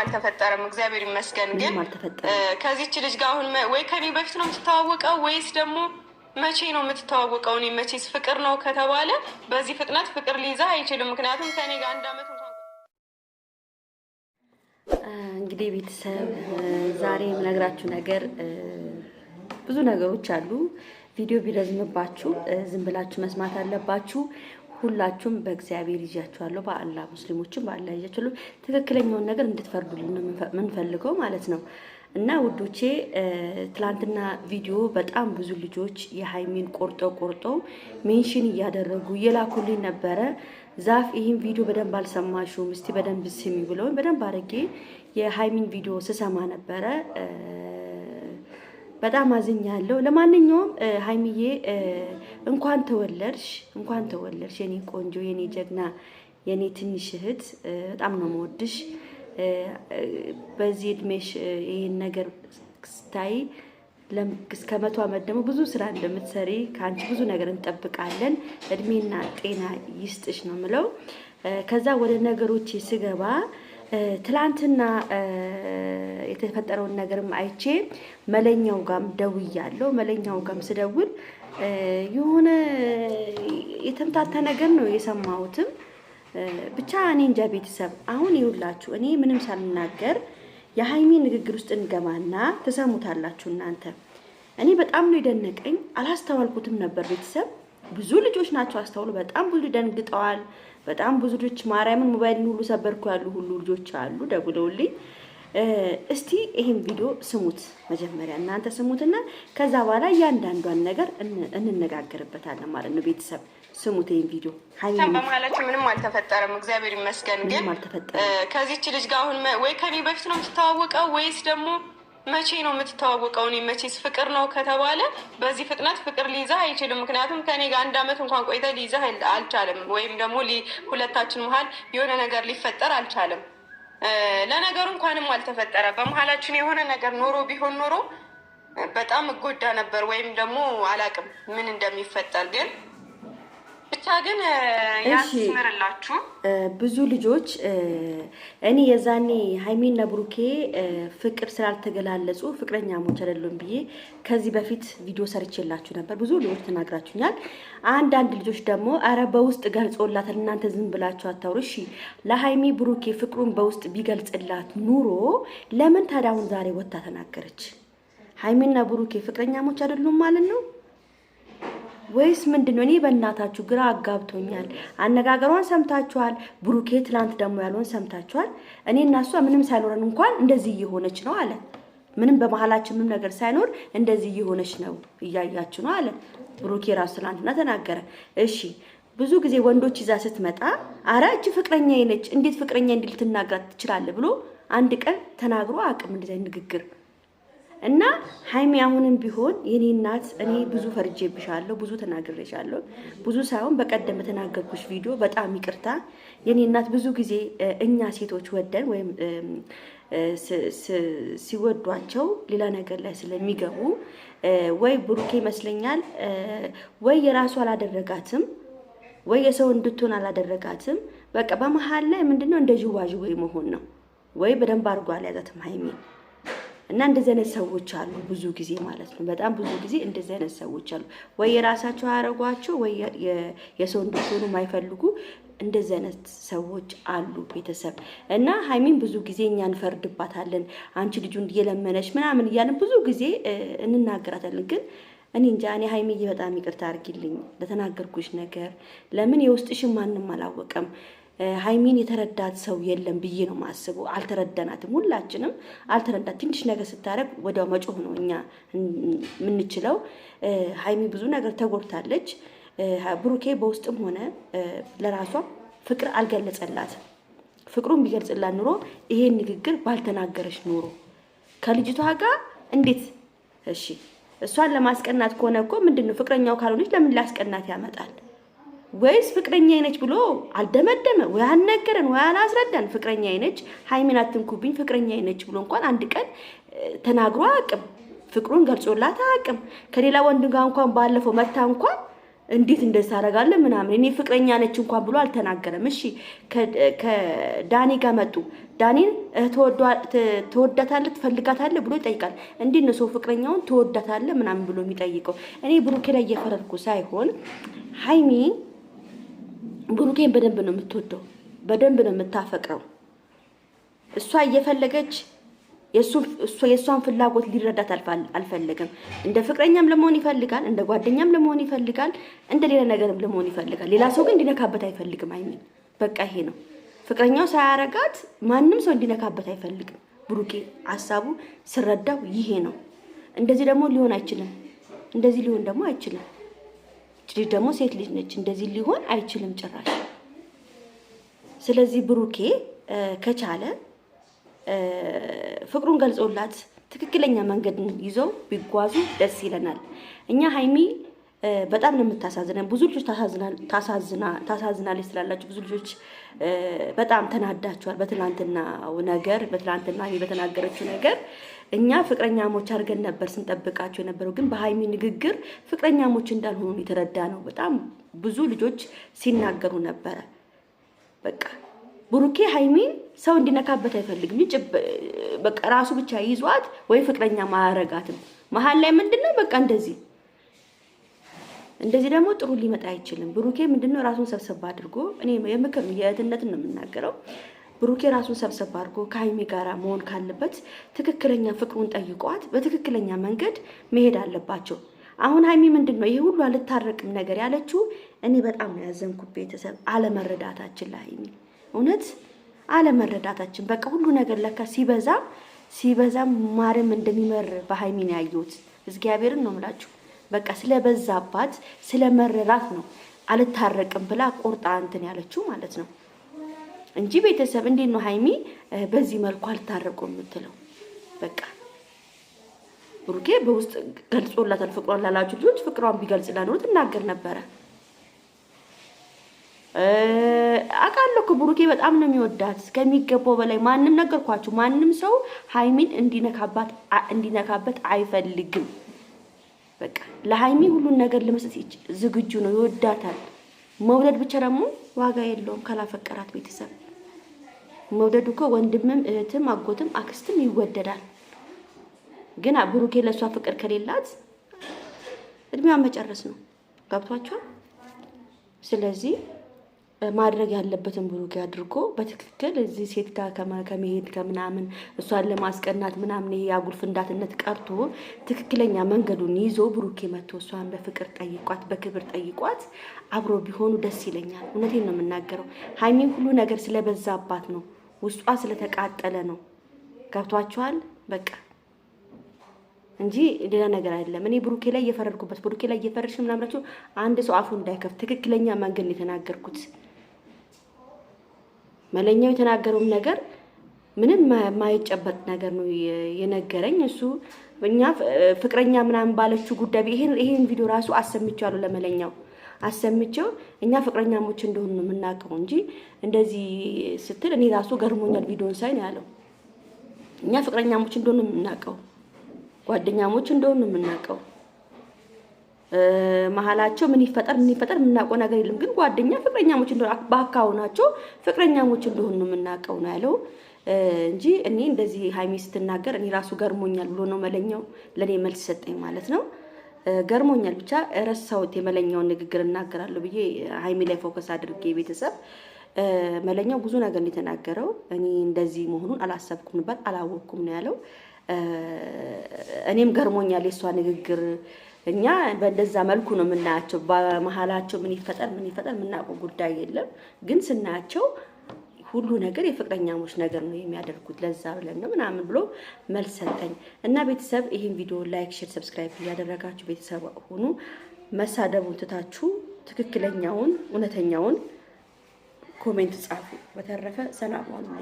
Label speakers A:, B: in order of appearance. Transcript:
A: አልተፈጠረም፣ እግዚአብሔር ይመስገን። ግን ከዚች ልጅ ጋር አሁን ወይ ከኔ በፊት ነው የምትተዋወቀው ወይስ ደግሞ መቼ ነው የምትተዋወቀው? እኔ መቼስ ፍቅር ነው ከተባለ በዚህ ፍጥነት ፍቅር ሊይዛ አይችልም። ምክንያቱም ከኔ ጋር አንድ አመት
B: እንግዲህ ቤተሰብ ዛሬ የምነግራችሁ ነገር ብዙ ነገሮች አሉ። ቪዲዮ ቢረዝምባችሁ ዝም ብላችሁ መስማት አለባችሁ። ሁላችሁም በእግዚአብሔር ይዣችኋለሁ፣ በአላ ሙስሊሞችም በአላ ይዣችኋለሁ። ትክክለኛውን ነገር እንድትፈርዱልን የምንፈልገው ማለት ነው። እና ውዶቼ ትላንትና ቪዲዮ በጣም ብዙ ልጆች የሀይሚን ቆርጠው ቆርጠው ሜንሽን እያደረጉ እየላኩልኝ ነበረ። ዛፍ ይህን ቪዲዮ በደንብ አልሰማሽም፣ እስቲ በደንብ ስሚ ብለውን በደንብ አድርጌ የሀይሚን ቪዲዮ ስሰማ ነበረ። በጣም አዝኛለሁ። ለማንኛውም ሀይሚዬ እንኳን ተወለድሽ፣ እንኳን ተወለድሽ የኔ ቆንጆ፣ የኔ ጀግና፣ የኔ ትንሽ እህት በጣም ነው መወድሽ። በዚህ እድሜሽ ይህን ነገር ስታይ እስከ መቶ ዓመት ደግሞ ብዙ ስራ እንደምትሰሪ ከአንቺ ብዙ ነገር እንጠብቃለን። እድሜና ጤና ይስጥሽ ነው ምለው። ከዛ ወደ ነገሮች ስገባ ትላንትና የተፈጠረውን ነገርም አይቼ መለኛው ጋም ደውያለሁ። መለኛው ጋም ስደውል የሆነ የተምታታ ነገር ነው የሰማሁትም። ብቻ እኔ እንጃ ቤተሰብ። አሁን ይውላችሁ እኔ ምንም ሳልናገር የሀይሚ ንግግር ውስጥ እንገባና ትሰሙታላችሁ እናንተ። እኔ በጣም ነው የደነቀኝ፣ አላስተዋልኩትም ነበር ቤተሰብ። ብዙ ልጆች ናቸው አስተውሉ። በጣም ብዙ ደንግጠዋል፣ በጣም ብዙ ልጆች ማርያምን ሞባይልን ሁሉ ሰበርኩ ያሉ ሁሉ ልጆች አሉ ደውለውልኝ። እስቲ ይሄን ቪዲዮ ስሙት መጀመሪያ እናንተ ስሙትና ከዛ በኋላ እያንዳንዷን ነገር እንነጋገርበታለን ማለት ነው። ቤተሰብ
A: ስሙት ይሄን ቪዲዮ። በመሀላች ምንም አልተፈጠረም፣ እግዚአብሔር ይመስገን። ግን ከዚች ልጅ ጋር አሁን ወይ ከኔ በፊት ነው የምትተዋወቀው ወይስ ደግሞ መቼ ነው የምትተዋወቀው? እኔ መቼስ ፍቅር ነው ከተባለ በዚህ ፍጥነት ፍቅር ሊይዘህ አይችልም። ምክንያቱም ከኔ ጋር አንድ አመት እንኳን ቆይተህ ሊይዘህ አልቻለም፣ ወይም ደግሞ ሁለታችን መሀል የሆነ ነገር ሊፈጠር አልቻለም። ለነገሩ እንኳንም አልተፈጠረ። በመሀላችን የሆነ ነገር ኖሮ ቢሆን ኖሮ በጣም እጎዳ ነበር፣ ወይም ደግሞ አላቅም ምን እንደሚፈጠር ግን ብቻ ግን ያስምርላችሁ።
B: ብዙ ልጆች እኔ የዛኔ ሀይሚና ብሩኬ ፍቅር ስላልተገላለጹ ፍቅረኛሞች አይደሉም ብዬ ከዚህ በፊት ቪዲዮ ሰርቼላችሁ ነበር። ብዙ ልጆች ተናግራችሁኛል። አንዳንድ ልጆች ደግሞ አረ በውስጥ ገልጾላታል፣ እናንተ ዝም ብላችሁ አታውሩ። እሺ ለሀይሚ ብሩኬ ፍቅሩን በውስጥ ቢገልጽላት ኑሮ ለምን ታዲያ አሁን ዛሬ ወጥታ ተናገረች? ሀይሚና ብሩኬ ፍቅረኛሞች አይደሉም ማለት ነው። ወይስ ምንድን ነው? እኔ በእናታችሁ ግራ አጋብቶኛል። አነጋገሯን ሰምታችኋል። ብሩኬ ትላንት ደግሞ ያለውን ሰምታችኋል። እኔ እና እሷ ምንም ሳይኖረን እንኳን እንደዚህ እየሆነች ነው አለ። ምንም በመሀላችን ምንም ነገር ሳይኖር እንደዚህ እየሆነች ነው እያያችሁ ነው አለ። ብሩኬ ራሱ ትላንትና ተናገረ። እሺ ብዙ ጊዜ ወንዶች ይዛ ስትመጣ አረ እች ፍቅረኛ ነች፣ እንዴት ፍቅረኛ እንዲል ትናገራት ትችላለህ ብሎ አንድ ቀን ተናግሮ አቅም እንደዚህ ንግግር እና ሀይሚ አሁንም ቢሆን የኔ እናት እኔ ብዙ ፈርጄብሻለሁ፣ ብዙ ተናግሬሻለሁ። ብዙ ሳይሆን በቀደም በተናገርኩሽ ቪዲዮ በጣም ይቅርታ የኔ እናት። ብዙ ጊዜ እኛ ሴቶች ወደን ወይም ሲወዷቸው ሌላ ነገር ላይ ስለሚገቡ ወይ ብሩኬ ይመስለኛል ወይ የራሱ አላደረጋትም ወይ የሰው እንድትሆን አላደረጋትም። በቃ በመሀል ላይ ምንድነው እንደ ወይ መሆን ነው ወይ በደንብ አድርጎ አልያዛትም ሀይሜ? እና እንደዚህ አይነት ሰዎች አሉ ብዙ ጊዜ ማለት ነው። በጣም ብዙ ጊዜ እንደዚህ አይነት ሰዎች አሉ። ወይ የራሳቸው አያረጓቸው፣ ወይ የሰው እንድትሆኑ የማይፈልጉ እንደዚህ አይነት ሰዎች አሉ ቤተሰብ እና ሀይሚን ብዙ ጊዜ እኛ እንፈርድባታለን። አንቺ ልጁን እየለመነች ምናምን እያለን ብዙ ጊዜ እንናገራታለን ግን እኔ እንጃ እኔ ሀይሚዬ በጣም ይቅርታ አድርጊልኝ ለተናገርኩሽ ነገር። ለምን የውስጥሽን ማንም አላወቀም። ሀይሚን የተረዳት ሰው የለም ብዬ ነው ማስቡ። አልተረዳናትም፣ ሁላችንም አልተረዳት። ትንሽ ነገር ስታረግ ወዲያው መጮህ ነው እኛ የምንችለው። ሀይሚ ብዙ ነገር ተጎድታለች። ብሩኬ በውስጥም ሆነ ለራሷ ፍቅር አልገለጸላትም። ፍቅሩን ቢገልጽላት ኑሮ ይሄን ንግግር ባልተናገረች ኑሮ ከልጅቷ ጋር እንዴት እሺ እሷን ለማስቀናት ከሆነ እኮ ምንድን ነው ፍቅረኛው ካልሆነች ለምን ላስቀናት ያመጣል? ወይስ ፍቅረኛ አይነች ብሎ አልደመደመ ወይ አልነገረን ወይ አላስረዳን። ፍቅረኛ አይነች ሀይሜን አትንኩብኝ ፍቅረኛ አይነች ብሎ እንኳን አንድ ቀን ተናግሮ አያውቅም። ፍቅሩን ገልጾላት አያውቅም። ከሌላ ወንድ ጋር እንኳን ባለፈው መታ እንኳን እንዴት እንደዛ አደርጋለሁ ምናምን እኔ ፍቅረኛ ነች እንኳን ብሎ አልተናገረም። እሺ ከዳኒ ጋር መጡ። ዳኒን ትወዳታለህ፣ ትፈልጋታለ ብሎ ይጠይቃል። እንዴት ነው ሰው ፍቅረኛውን ትወዳታለህ ምናምን ብሎ የሚጠይቀው? እኔ ብሩኬ ላይ እየፈረድኩ ሳይሆን ሀይሚ ብሩኬን በደንብ ነው የምትወደው፣ በደንብ ነው የምታፈቅረው። እሷ እየፈለገች የእሷን ፍላጎት ሊረዳት አልፈለገም። እንደ ፍቅረኛም ለመሆን ይፈልጋል፣ እንደ ጓደኛም ለመሆን ይፈልጋል፣ እንደ ሌላ ነገርም ለመሆን ይፈልጋል። ሌላ ሰው ግን እንዲነካበት አይፈልግም። አይሚን በቃ ይሄ ነው ፍቅረኛው ሳያረጋት ማንም ሰው እንዲነካበት አይፈልግም። ብሩኬ ሀሳቡ ስረዳው ይሄ ነው። እንደዚህ ደግሞ ሊሆን አይችልም። እንደዚህ ሊሆን ደግሞ አይችልም። ልጅ ደግሞ ሴት ልጅ ነች፣ እንደዚህ ሊሆን አይችልም ጭራሽ። ስለዚህ ብሩኬ ከቻለ ፍቅሩን ገልጾላት ትክክለኛ መንገድን ይዘው ቢጓዙ ደስ ይለናል። እኛ ሀይሚ በጣም ነው የምታሳዝነን። ብዙ ልጆች ታሳዝናለች ስላላችሁ ብዙ ልጆች በጣም ተናዳችኋል። በትናንትናው ነገር በትናንትና በተናገረችው ነገር እኛ ፍቅረኛሞች አድርገን ነበር ስንጠብቃቸው የነበረው፣ ግን በሀይሚ ንግግር ፍቅረኛሞች እንዳልሆኑ የተረዳ ነው። በጣም ብዙ ልጆች ሲናገሩ ነበረ። በቃ ብሩኬ ሀይሚን ሰው እንዲነካበት አይፈልግም። በቃ ራሱ ብቻ ይዟት ወይ ፍቅረኛ ማያረጋትም። መሀል ላይ ምንድነው በቃ እንደዚህ እንደዚህ ደግሞ ጥሩ ሊመጣ አይችልም። ብሩኬ ምንድነው ራሱን ሰብሰብ አድርጎ እኔ የምክር የእህትነትን ነው የምናገረው። ብሩኬ ራሱን ሰብሰብ አድርጎ ከሀይሜ ጋራ መሆን ካለበት ትክክለኛ ፍቅሩን ጠይቋት በትክክለኛ መንገድ መሄድ አለባቸው። አሁን ሀይሚ ምንድን ነው ይህ ሁሉ አልታረቅም ነገር ያለችው፣ እኔ በጣም ነው ያዘንኩት። ቤተሰብ አለመረዳታችን ለሀይሚ እውነት አለመረዳታችን በቃ ሁሉ ነገር ለካ ሲበዛ ሲበዛ ማርም እንደሚመር በሀይሚ ነው ያየሁት። እግዚአብሔርን ነው የምላችሁ። በቃ ስለበዛባት ስለመረራት ነው አልታረቅም ብላ ቆርጣ እንትን ያለችው ማለት ነው እንጂ ቤተሰብ እንዴት ነው ሀይሚ በዚህ መልኩ አልታረቁ የምትለው? በቃ ብሩኬ በውስጥ ገልጾላታል። ፍቅሯን ላላችሁ ልጆች ፍቅሯን ቢገልጽላት ኖሮ ትናገር ነበረ። አውቃለሁ እኮ ብሩኬ በጣም ነው የሚወዳት ከሚገባው በላይ። ማንም ነገርኳችሁ፣ ማንም ሰው ሀይሚን እንዲነካባት እንዲነካበት አይፈልግም። በቃ ለሀይሚ ሁሉን ነገር ለመስጠት ዝግጁ ነው። ይወዳታል። መውደድ ብቻ ደግሞ ዋጋ የለውም ካላፈቀራት ቤተሰብ። መውደዱ እኮ ወንድምም እህትም አጎትም አክስትም ይወደዳል። ግን ብሩኬ ለእሷ ፍቅር ከሌላት እድሜዋን መጨረስ ነው። ገብቷቸዋል። ስለዚህ ማድረግ ያለበትን ብሩክ አድርጎ በትክክል እዚህ ሴት ጋር ከመሄድ ከምናምን እሷን ለማስቀናት ምናምን ይሄ አጉል ፍንዳትነት ቀርቶ ትክክለኛ መንገዱን ይዞ ብሩኬ መቶ እሷን በፍቅር ጠይቋት፣ በክብር ጠይቋት አብሮ ቢሆኑ ደስ ይለኛል። እውነቴን ነው የምናገረው። ሀይሚን ሁሉ ነገር ስለበዛባት ነው፣ ውስጧ ስለተቃጠለ ነው። ገብቷችኋል በቃ እንጂ ሌላ ነገር አይደለም። እኔ ብሩኬ ላይ እየፈረድኩበት ብሩኬ ላይ እየፈረድሽ ምናምናቸው አንድ ሰው አፉ እንዳይከፍት ትክክለኛ መንገድ የተናገርኩት። መለኛው የተናገረውም ነገር ምንም የማይጨበጥ ነገር ነው የነገረኝ። እሱ እኛ ፍቅረኛ ምናምን ባለችው ጉዳይ ይሄን ይሄን ቪዲዮ ራሱ አሰምቼዋለሁ ለመለኛው አሰምቼው እኛ ፍቅረኛሞች እንደሆኑ ነው የምናውቀው እንጂ እንደዚህ ስትል እኔ ራሱ ገርሞኛል። ቪዲዮን ሳይ ነው ያለው። እኛ ፍቅረኛሞች እንደሆኑ ነው የምናውቀው፣ ጓደኛሞች እንደሆኑ ነው የምናውቀው። መሀላቸው ምን ይፈጠር ምን ይፈጠር የምናውቀው ነገር የለም። ግን ጓደኛ ፍቅረኛሞች እንደሆነ በአካውናቸው ፍቅረኛሞች እንደሆኑ የምናውቀው ነው ያለው እንጂ እኔ እንደዚህ ሀይሚ ስትናገር እኔ ራሱ ገርሞኛል ብሎ ነው መለኛው ለእኔ መልስ ሰጠኝ ማለት ነው። ገርሞኛል ብቻ ረሳሁት። የመለኛውን ንግግር እናገራለሁ ብዬ ሀይሚ ላይ ፎከስ አድርጌ ቤተሰብ መለኛው ብዙ ነገር ነው የተናገረው። እኔ እንደዚህ መሆኑን አላሰብኩም ነበር፣ አላወቅኩም ነው ያለው። እኔም ገርሞኛል የእሷ ንግግር እኛ በእንደዛ መልኩ ነው የምናያቸው። በመሀላቸው ምን ይፈጠር ምን ይፈጠር የምናውቀው ጉዳይ የለም። ግን ስናያቸው ሁሉ ነገር የፍቅረኛሞች ነገር ነው የሚያደርጉት። ለዛ ብለን ነው ምናምን ብሎ መልስ ሰጠኝ እና ቤተሰብ ይህን ቪዲዮ ላይክ፣ ሼር፣ ሰብስክራይብ እያደረጋችሁ ቤተሰብ ሁኑ። መሳደቡን ትታችሁ ትክክለኛውን እውነተኛውን ኮሜንት ጻፉ። በተረፈ ሰላም ዋሉ።